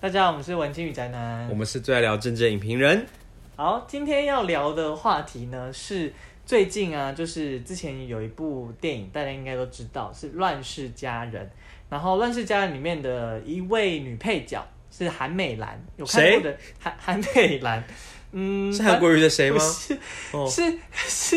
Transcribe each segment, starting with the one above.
大家好，我們是文青與宅男，我們是最愛聊政治的影評人。好，今天要聊的話題呢是最近啊，就是之前有一部電影，大家應該都知道是《亂世佳人》，然後《亂世佳人》裡面的一位女配角是韓美蘭，有看過的韓韓美蘭誰，嗯，是韓國瑜的誰嗎？是是是，哦、是是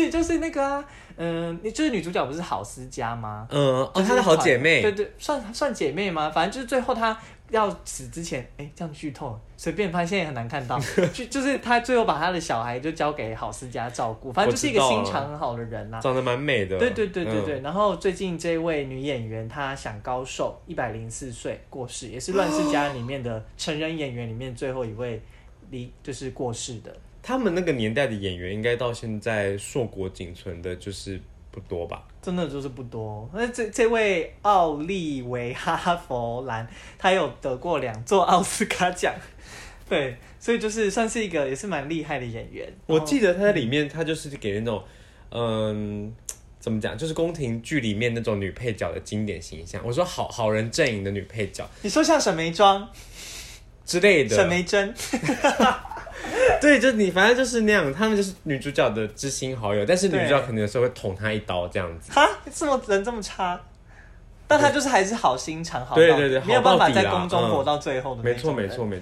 是就是那個、啊。嗯，你這個女主角不是郝思嘉嗎？嗯，哦，她的好姐妹，對，對對，算算姐妹嗎？反正就是最後她要死之前，哎、欸，這樣劇透，隨便發現也很難看到。 就就是她最後把她的小孩就交給郝思嘉照顧，反正就是一個心腸很好的人吶、啊。長得蠻美的。對對對對對。嗯、然後最近這位女演員她享高壽一百零四歲過世，也是《亂世佳人》裡面的成人演員裡面最後一位離，就是過世的。他們那個年代的演員，應該到現在碩果僅存的，就是不多吧？真的就是不多。那這這位奧利維哈佛蘭，他有得過兩座奧斯卡獎，對，所以就是算是一個，也是蠻厲害的演員。我記得他在裡面，嗯、他就是給那種，嗯，怎麼講，就是宮廷劇裡面那種女配角的經典形象。我說好好人陣營的女配角，你說像沈眉莊之類的，沈眉莊。 對，就你，反正就是那樣。他們就是女主角的知心好友，但是女主角可能有時候會捅她一刀這樣子。哈、啊，怎麼人這麼差？但他就是還是好心腸。對對對對，好到沒有辦法在宮中活到最後的。沒錯、嗯，沒錯，沒錯。沒錯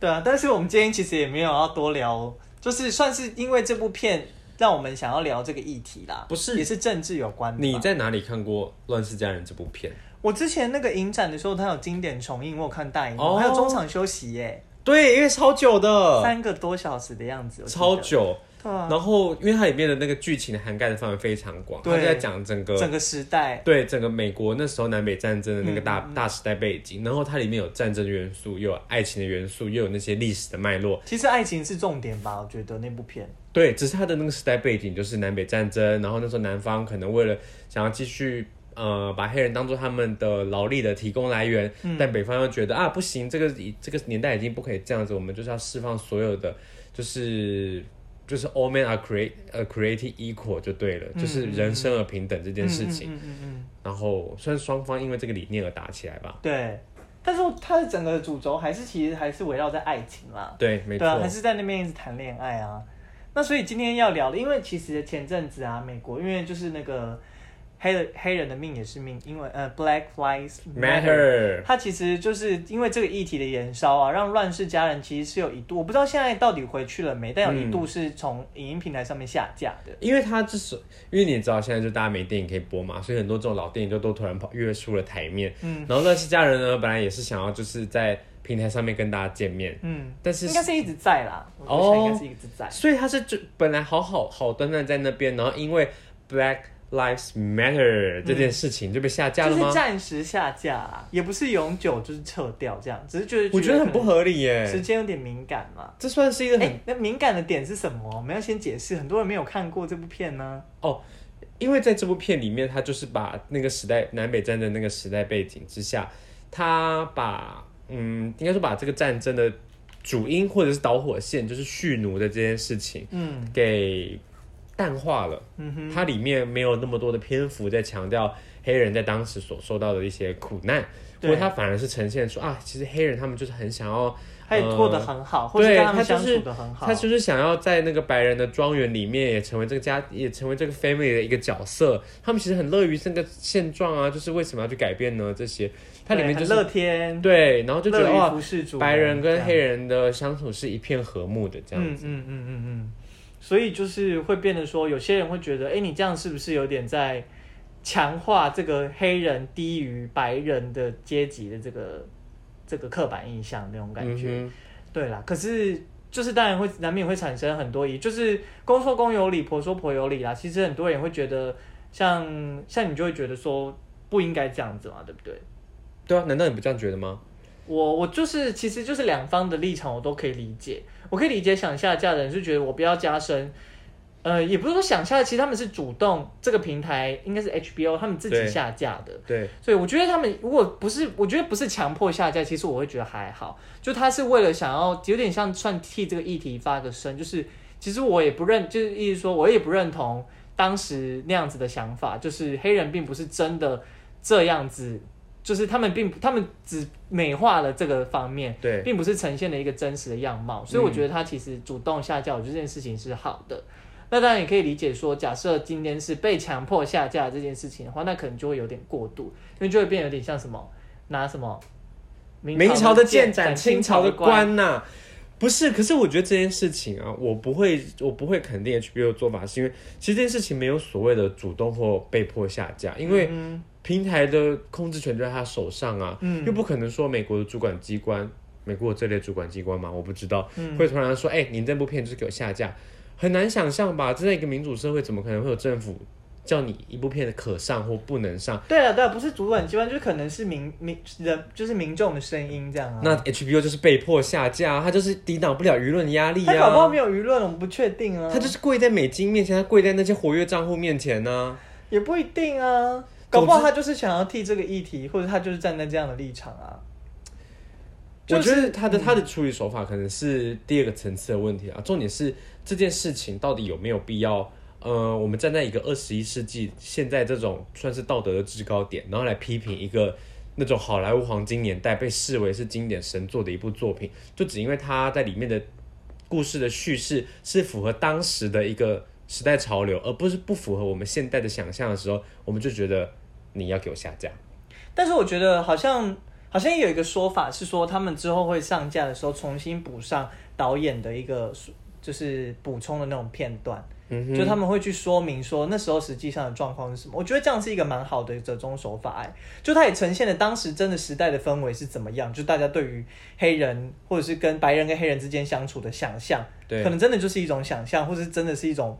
對啊，但是我們今天其實也沒有要多聊，就是算是因為這部片讓我們想要聊這個議題啦。不是，也是政治有關的。你在哪裡看過《亂世佳人》這部片？我之前那個影展的時候，它有經典重映，我有看大熒幕，哦、還有中場休息耶、欸。對，因為超久的，三個多小時的樣子，超久。對啊，然後因為它裡面的那個劇情的涵蓋的範圍非常廣，對它就在講整個整個時代，對整個美國那時候南北戰爭的那個大、嗯、大時代背景。然後它裡面有戰爭元素，又有愛情的元素，又有那些歷史的脈絡。其實愛情是重點吧，我覺得那部片。對，只是它的那個時代背景就是南北戰爭，然後那時候南方可能為了想要繼續。呃，把黑人當做他們的勞力的提供來源，嗯、但北方又覺得啊，不行，這個這個年代已經不可以這樣子，我們就是要釋放所有的，就是就是 all men are create, are created equal 就對了，嗯、就是人生而平等這件事情。然後雖然雙方因為這個理念而打起來吧，對，但是他的整個主軸還是其實還是圍繞在愛情啦。對，沒錯，對啊，還是在那邊一直談戀愛啊。那所以今天要聊的，因為其實前陣子啊，美國因為就是那個。黑、黑人的命也是命，因為呃，Black Lives Matter，Matter，它其實就是因為這個議題的延燒啊，讓《亂世佳人》其實是有一度，我不知道現在到底回去了沒，但有一度是從影音平台上面下架的。嗯，因為它之所以，因為你知道現在就大家沒電影可以播嘛，所以很多這種老電影就都突然跑躍出了台面。嗯。然後《亂世佳人》呢，本來也是想要就是在平台上面跟大家見面。嗯。但是應該是一直在啦。哦。應該是一直在。哦，所以他是就本來好好好端端在那邊，然後因為 Black。Lives Matter，嗯，這件事情就被下架了嗎？就是暫時下架啊，也不是永久，就是撤掉這樣，只是覺得，覺得我覺得很不合理耶。時間有點敏感嘛。這算是一個很那敏感的點是什麼？我們要先解釋，很多人沒有看過這部片呢。哦，因為在這部片裡面，它就是把那個時代南北戰爭的那個時代背景之下，它把嗯，應該說把這個戰爭的主因或者是導火線，就是蓄奴的這件事情，嗯，給，淡化了，嗯、哼它裡面沒有那麼多的篇幅在強調黑人在當時所受到的一些苦難，不過對它反而是呈現出啊，其實黑人他們就是很想要，他也拖得很好，呃、或者跟他們相處得很好，他就是，他就是想要在那個白人的莊園裡面也成為這個家，也成為這個 family 的一個角色。他們其實很樂於這個現狀啊，就是為什麼要去改變呢？這些它裡面就是樂天，對，然後就覺得哦，白人跟黑人的相處是一片和睦的這樣子，嗯嗯嗯嗯嗯。嗯嗯嗯所以就是會變得說，有些人會覺得，哎、欸，你這樣是不是有點在強化這個黑人低於白人的階級的這個這個刻板印象那種感覺？嗯哼。對啦，可是就是當然會難免會產生很多疑，就是公說公有理，婆說婆有理啦。其實很多人會覺得像，像像你就會覺得說不應該這樣子嘛，對不對？對啊，難道你不這樣覺得嗎？我我就是，其實就是兩方的立場，我都可以理解。我可以理解想下架的人是覺得我不要加深，呃，也不是說想下的，其實他們是主動，這個平台應該是 HBO，他們自己下架的。對，對所以我覺得他們如果不是，我覺得不是強迫下架，其實我會覺得還好。就他是為了想要有點像算替這個議題發個聲，就是其實我也不認，就是意思說我也不認同當時那樣子的想法，就是黑人並不是真的這樣子。就是他們並不，他們只美化了這個方面，對，並不是呈現了一個真實的樣貌，嗯、所以我覺得他其實主動下架，我覺得這件事情是好的。那當然也可以理解說，假設今天是被強迫下架這件事情的話，那可能就會有點過度，因為就會變有點像什麼拿什麼明朝的劍斬清朝的官吶、啊，官啊，不是？可是我覺得這件事情啊，我不會，我不會肯定 HBO 做法是，是因為其實這件事情沒有所謂的主動或被迫下架，因為，嗯平台的控制權就在他手上啊，嗯，又不可能說美國的主管機關，美國有這類主管機關嘛？我不知道，嗯，會突然說，哎、欸，你這部片就是給我下架，很難想象吧？在一個民主社會，怎麼可能會有政府叫你一部片的可上或不能上？對啊，對啊，不是主管機關，就是可能是民民人，就是民眾的聲音這樣啊。那 HBO 就是被迫下架，他就是抵擋不了輿論壓力啊。他搞不好沒有輿論，我們不確定啊。他就是跪在美金面前，他跪在那些活躍賬戶面前呢啊？也不一定啊。搞不好他就是想要替這個議題，總之，或者他就是站在這樣的立場啊。就是，我覺得他的、嗯、他的處理手法可能是第二個層次的問題啊。重點是這件事情到底有沒有必要？嗯、呃，我們站在一個二十一世紀，現在這種算是道德的制高點，然後來批評一個那種好萊塢黃金年代被視為是經典神作的一部作品，就只因為他在裡面的故事的敘事是符合當時的一個時代潮流，而不是不符合我們現代的想象的時候，我們就覺得。你要給我下架，但是我覺得好像好像有一個說法是說，他們之後會上架的時候重新補上導演的一個就是補充的那種片段，嗯哼，就他們會去說明說那時候實際上的狀況是什麼。我覺得這樣是一個蠻好的折中手法，哎，就它也呈現了當時真的時代的氛圍是怎麼樣，就大家對於黑人或者是跟白人跟黑人之間相處的想象，對，可能真的就是一種想象，或者真的是一種。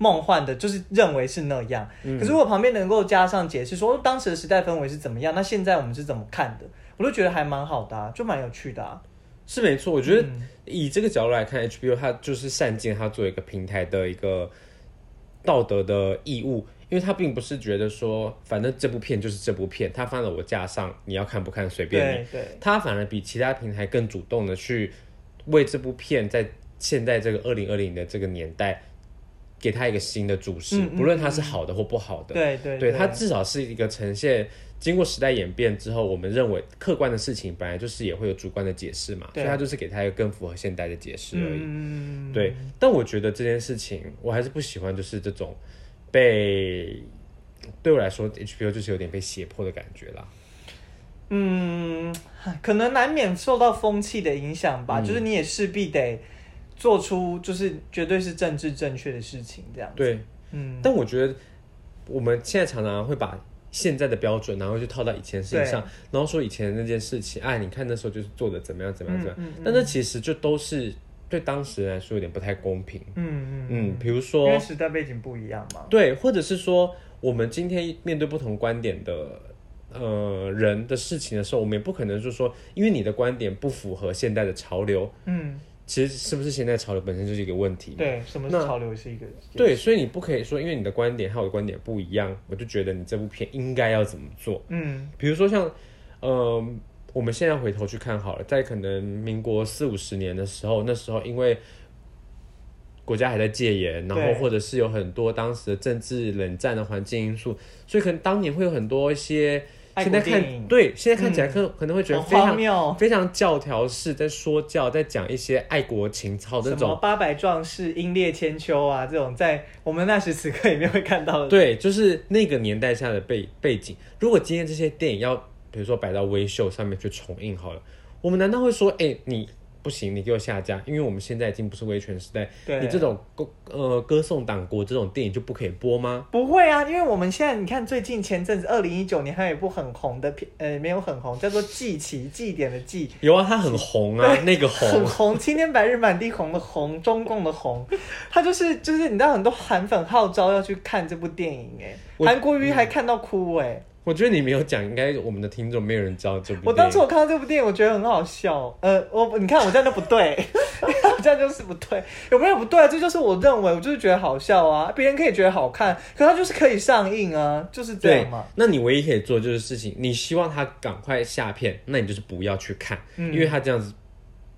夢幻的，就是認為是那樣。嗯、可是如果旁邊能夠加上解釋，說當時的時代氛圍是怎麼樣，那現在我們是怎麼看的，我都覺得還蠻好的，啊，就蠻有趣的，啊。是沒錯，我覺得以這個角度來看，嗯、HBO 它就是善盡它作為一個平台的一個道德的義務，因為他並不是覺得說，反正這部片就是這部片，他放在我架上，你要看不看隨便你。對、對，他反而比其他平台更主動的去為這部片在現在這個二零二零的這個年代，給他一個新的註釋，不論他是好的或不好的，嗯嗯嗯對對，對，對，對，他至少是一個呈現。經過時代演變之後，我們認為客觀的事情，本來就是也會有主觀的解釋嘛，對，所以他就是給他一個更符合現代的解釋而已。嗯嗯對，但我覺得這件事情，我還是不喜歡，就是這種被，對我來說，HBO 就是有點被脅迫的感覺啦。嗯，可能難免受到風氣的影響吧，嗯、就是你也勢必得。做出就是絕對是政治正確的事情，這樣子對，嗯。但我覺得我們現在常常會把現在的標準，然後就套到以前事情上，對然後說以前的那件事情，哎，你看那時候就是做的怎麼樣，怎麼樣嗯嗯嗯，怎麼樣。但這其實就都是對當事人來說有點不太公平，嗯嗯嗯。比、嗯、如說，時代背景不一樣嘛，對，或者是說，我們今天面對不同觀點的呃人的事情的時候，我們也不可能就是說，因為你的觀點不符合現代的潮流，嗯。其實是不是現在潮流本身就是一個問題？對，什麼是潮流那是一個？對，所以你不可以說，因為你的觀點和我的觀點不一樣，我就覺得你這部片應該要怎麼做？嗯，比如說像，嗯、呃，我們現在回頭去看好了，在可能民國四五十年的時候，那時候因為國家還在戒嚴，然後或者是有很多當時的政治冷戰的環境因素，對，所以可能當年會有很多一些。現在看，對，現在看起來可可能會覺得非常、嗯哦、非常教條式，在說教，在講一些愛國情操這種，什麼八百壯士英烈千秋啊，這種在我們那時此刻裡面會看到的，對，就是那個年代下的背背景。如果今天這些電影要，比如說擺到微秀上面去重映好了，我們難道會說，哎、欸，你？不行，你就下架，因為我們現在已經不是威權時代。對、啊，你這種歌呃歌頌黨國這種電影就不可以播嗎？不會啊，因為我們現在你看最近前陣子二零一九年還有一部很紅的片呃沒有很紅，叫做《祭旗》，祭典的祭。有啊，它很紅啊，對那個紅。很紅，青天白日滿地紅的紅，中共的紅，它 就是就是你知道很多韓粉號召要去看這部電影哎、欸，我韓國瑜還看到哭哎、欸。嗯我覺得你沒有講，應該我們的聽眾沒有人知道這部電影。我當時我看到這部電影，我覺得很好笑。呃，我你看我這樣都不對， 我這樣就是不對，有沒有不對、啊？這就是我認為，我就是覺得好笑啊。別人可以覺得好看，可他就是可以上映啊，就是這樣嘛。那你唯一可以做就是事情，你希望他趕快下片，那你就是不要去看，因為他這樣子，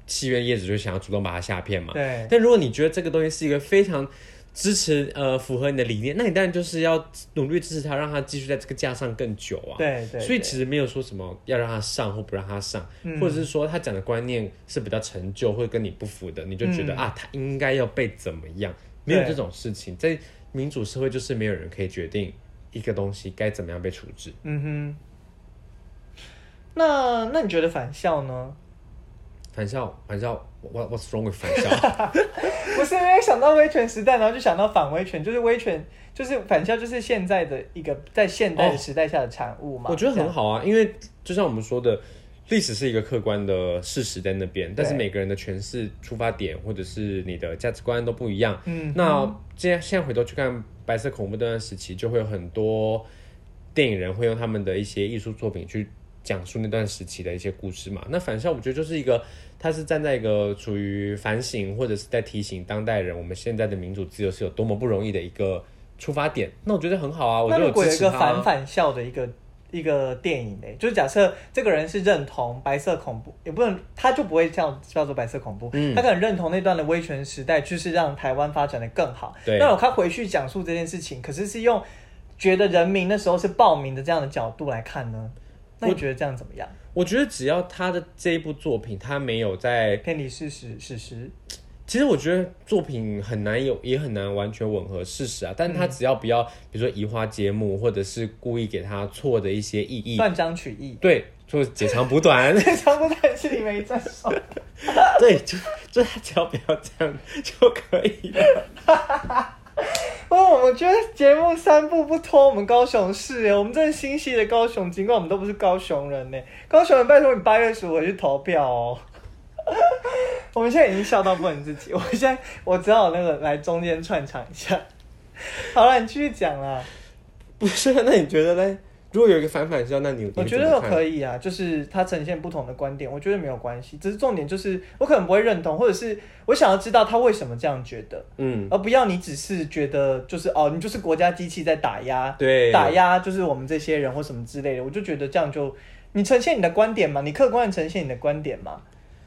戲院業主就想要主動把他下片嘛。對。但如果你覺得這個東西是一個非常……支持，呃，符合你的理念，那你當然就是要努力支持他，讓他繼續在這個架上更久啊。對，對對。所以其實沒有說什麼要讓他上或不讓他上，嗯、或者是說他講的觀念是比較陳舊，會跟你不符的，你就覺得、嗯、啊他應該要被怎麼樣？沒有這種事情，對在民主社會就是沒有人可以決定一個東西該怎麼樣被處置。嗯哼。那那你覺得返校呢？返校，返校，what,，what's wrong with 返校？ 不是，因為想到威權時代，然後就想到反威權，就是威權，就是返校，就是現在的一個在現代的時代下的產物嘛？哦、我覺得很好啊，因為就像我們說的，歷史是一個客觀的事實在那邊，但是每個人的詮釋出發點對或者是你的價值觀都不一樣。嗯哼，那這樣現在回頭去看白色恐怖那段時期，就會有很多電影人會用他們的一些藝術作品去講述那段時期的一些故事嘛？那返校我覺得就是一個，他是站在一個屬於反省或者是在提醒當代人，我們現在的民主自由是有多麼不容易的一個出發點。那我覺得很好啊，我就支持他。那如果有一個反返校的一個一個電影呢？就是假設這個人是認同白色恐怖，也不能，他就不會叫叫做白色恐怖，嗯、他可能認同那段的威權時代，就是讓台灣發展得更好。對那如果他回去講述這件事情，可是是用覺得人民那時候是暴民的這樣的角度來看呢？我你覺得這樣怎麼樣？我覺得只要他的這一部作品，他沒有在偏離事實，事實。其實我覺得作品很難有，也很難完全吻合事實啊。但他只要不要，嗯、比如說移花接木，或者是故意給他錯的一些意義，斷章取義，對，就解長補短。長不短是裡面一段。對，就就只要不要這樣就可以了。 不過我覺得節目三部不脫我們高雄市，我們真心繫的高雄，儘管我們都不是高雄人誒，高雄人拜托你八月十五回去投票哦。 我們現在已經笑到過你自己，我現在我只好那個來中間串場一下。好了，你繼續講啦。不是，那你覺得呢？如果有一個反反教，那你有？你我覺得我可以啊，就是他呈現不同的觀點，我覺得沒有關係。只是重點就是，我可能不會認同，或者是我想要知道他為什麼這樣覺得，嗯，而不要你只是覺得就是哦，你就是國家機器在打壓，對，打壓就是我們這些人或什麼之類的。我就覺得這樣就，你呈現你的觀點嘛，你客觀的呈現你的觀點嘛。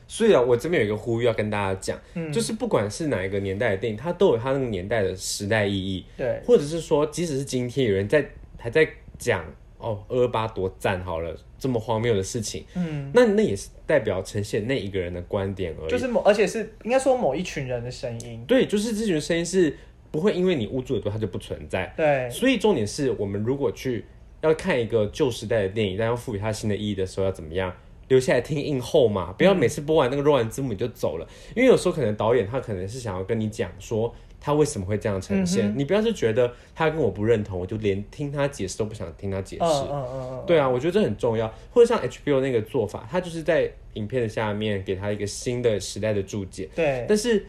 所以啊，我這邊有一個呼籲要跟大家講，嗯，就是不管是哪一個年代的電影，它都有它那個年代的時代意義，對，或者是說，即使是今天有人在還在講。哦，二二八多讚好了，這麼荒謬的事情，嗯，那那也是代表呈現那一個人的觀點而已，就是某，而且是應該說某一群人的聲音，對，就是這群聲音是不會因為你摀住耳朵，它就不存在，對，所以重點是我們如果去要看一個舊時代的電影，但要賦予它新的意義的時候，要怎麼樣？留下來聽映後嘛，不要每次播完那個肉馬字幕你就走了，嗯，因為有時候可能導演他可能是想要跟你講說。他為什麼會這樣呈現？嗯、哼你不要是覺得他跟我不認同，我就連聽他解釋都不想聽他解釋。哦哦哦、對啊，我覺得這很重要。或者像 HBO 那個做法，他就是在影片的下面給他一個新的時代的註解。對、嗯，但是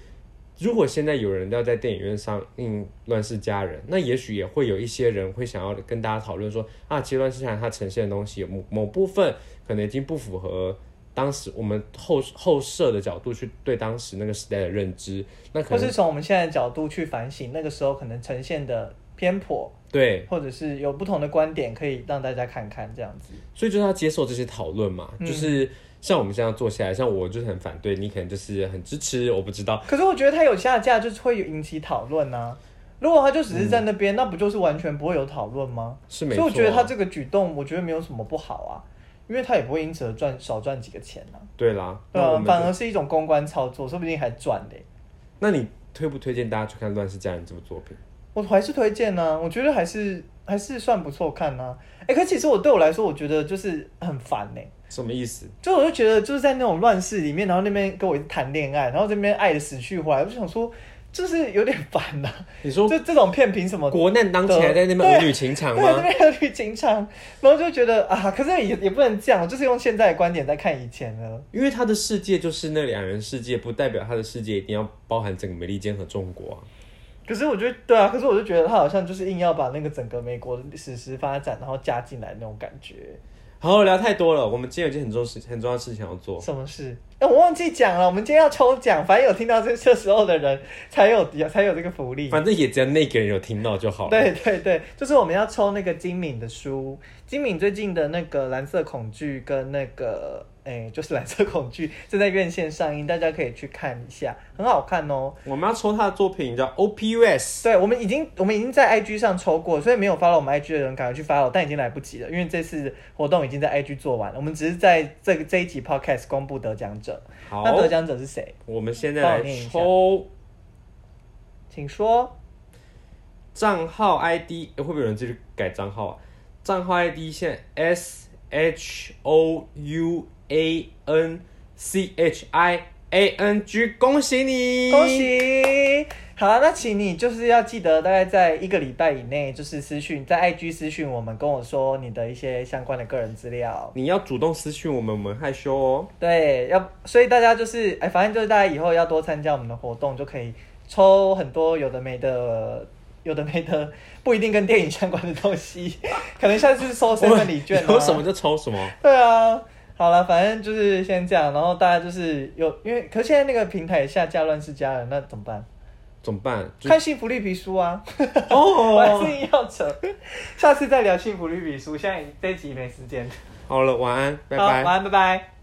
如果現在有人要在電影院上映《亂、嗯、世佳人》，那也許也會有一些人會想要跟大家討論說啊，其實《亂世佳人》它呈現的東西有某，某某部分可能已經不符合。當時我們後後設的角度去對當時那個時代的認知，那可是從我們現在的角度去反省那個時候可能呈現的偏頗，對，或者是有不同的觀點可以讓大家看看這樣子。所以就是他接受這些討論嘛，嗯、就是像我們這樣坐下來，像我就是很反對，你可能就是很支持，我不知道。可是我覺得他有下架就是會引起討論啊，如果他就只是在那邊，嗯、那不就是完全不會有討論嗎？是沒錯、啊。所以我覺得他這個舉動，我覺得沒有什麼不好啊。因為他也不會因此而賺少賺幾個錢吶、啊。對啦，呃，反而是一種公關操作，說不定還賺嘞、欸。那你推不推薦大家去看《亂世佳人》這部作品？我還是推薦吶、啊，我覺得還是還是算不錯看吶、啊。哎、欸，可其實我對我來說，我覺得就是很煩哎、欸。什麼意思？就我就覺得就是在那種亂世裡面，然後那邊跟我談戀愛，然後這邊愛的死去活來，我就想說。就是有點煩了啊。你說這這種片憑什麼？國難當前還在那邊兒女情長嗎？對，那邊有兒女情長，然後就覺得啊，可是也也不能這樣，就是用現在的觀點在看以前的。因為他的世界就是那兩人世界，不代表他的世界一定要包含整個美利堅和中國啊。可是我覺得，對啊，可是我就覺得他好像就是硬要把那個整個美國的史實發展，然後加進來那種感覺。好，聊太多了，我們今天有件很重要的很重要的事情要做。什麼事？哎，我忘記講了，我們今天要抽獎，反正有聽到這這時候的人才有才有這個福利。反正也只要那個人有聽到就好了。對對對，就是我們要抽那個金敏的書，金敏最近的那個《藍色恐懼》跟那個，哎，就是《藍色恐懼》正在院線上映，大家可以去看一下，很好看哦。我們要抽他的作品叫《OPUS》。對，我們已經我們已經在 IG 上抽過，所以沒有發到我們 IG 的人趕快去發哦，但已經來不及了，因為這次活動已經在 IG 做完了，我們只是在這個這一集 Podcast 公布得獎。者好，那得獎者是誰？我們現在來抽，請說賬號 ID、欸、會不會有人繼續改賬號啊？賬號 ID 現在 S H O U A N C H I。a n g，恭喜你！恭喜！好啊，那請你就是要記得，大概在一個禮拜以內，就是私訊，在 i g 私訊我們，跟我說你的一些相關的個人資料。你要主動私訊我們，我們害羞哦。對，要所以大家就是，哎，反正就是大家以後要多參加我們的活動，就可以抽很多有的沒的，有的沒的，不一定跟電影相關的東西， 可能下次是抽生日禮券，抽什麼就抽什麼。 對啊。好了，反正就是先這樣，然後大家就是有因為可是現在那個平台下架亂世佳人，那怎麼辦？怎麼辦？看《幸福綠皮書》啊！哦、 oh.，我還是要成，下次再聊《幸福綠皮書》。現在這集沒時間。好了，晚安，拜拜。好，晚安，拜拜。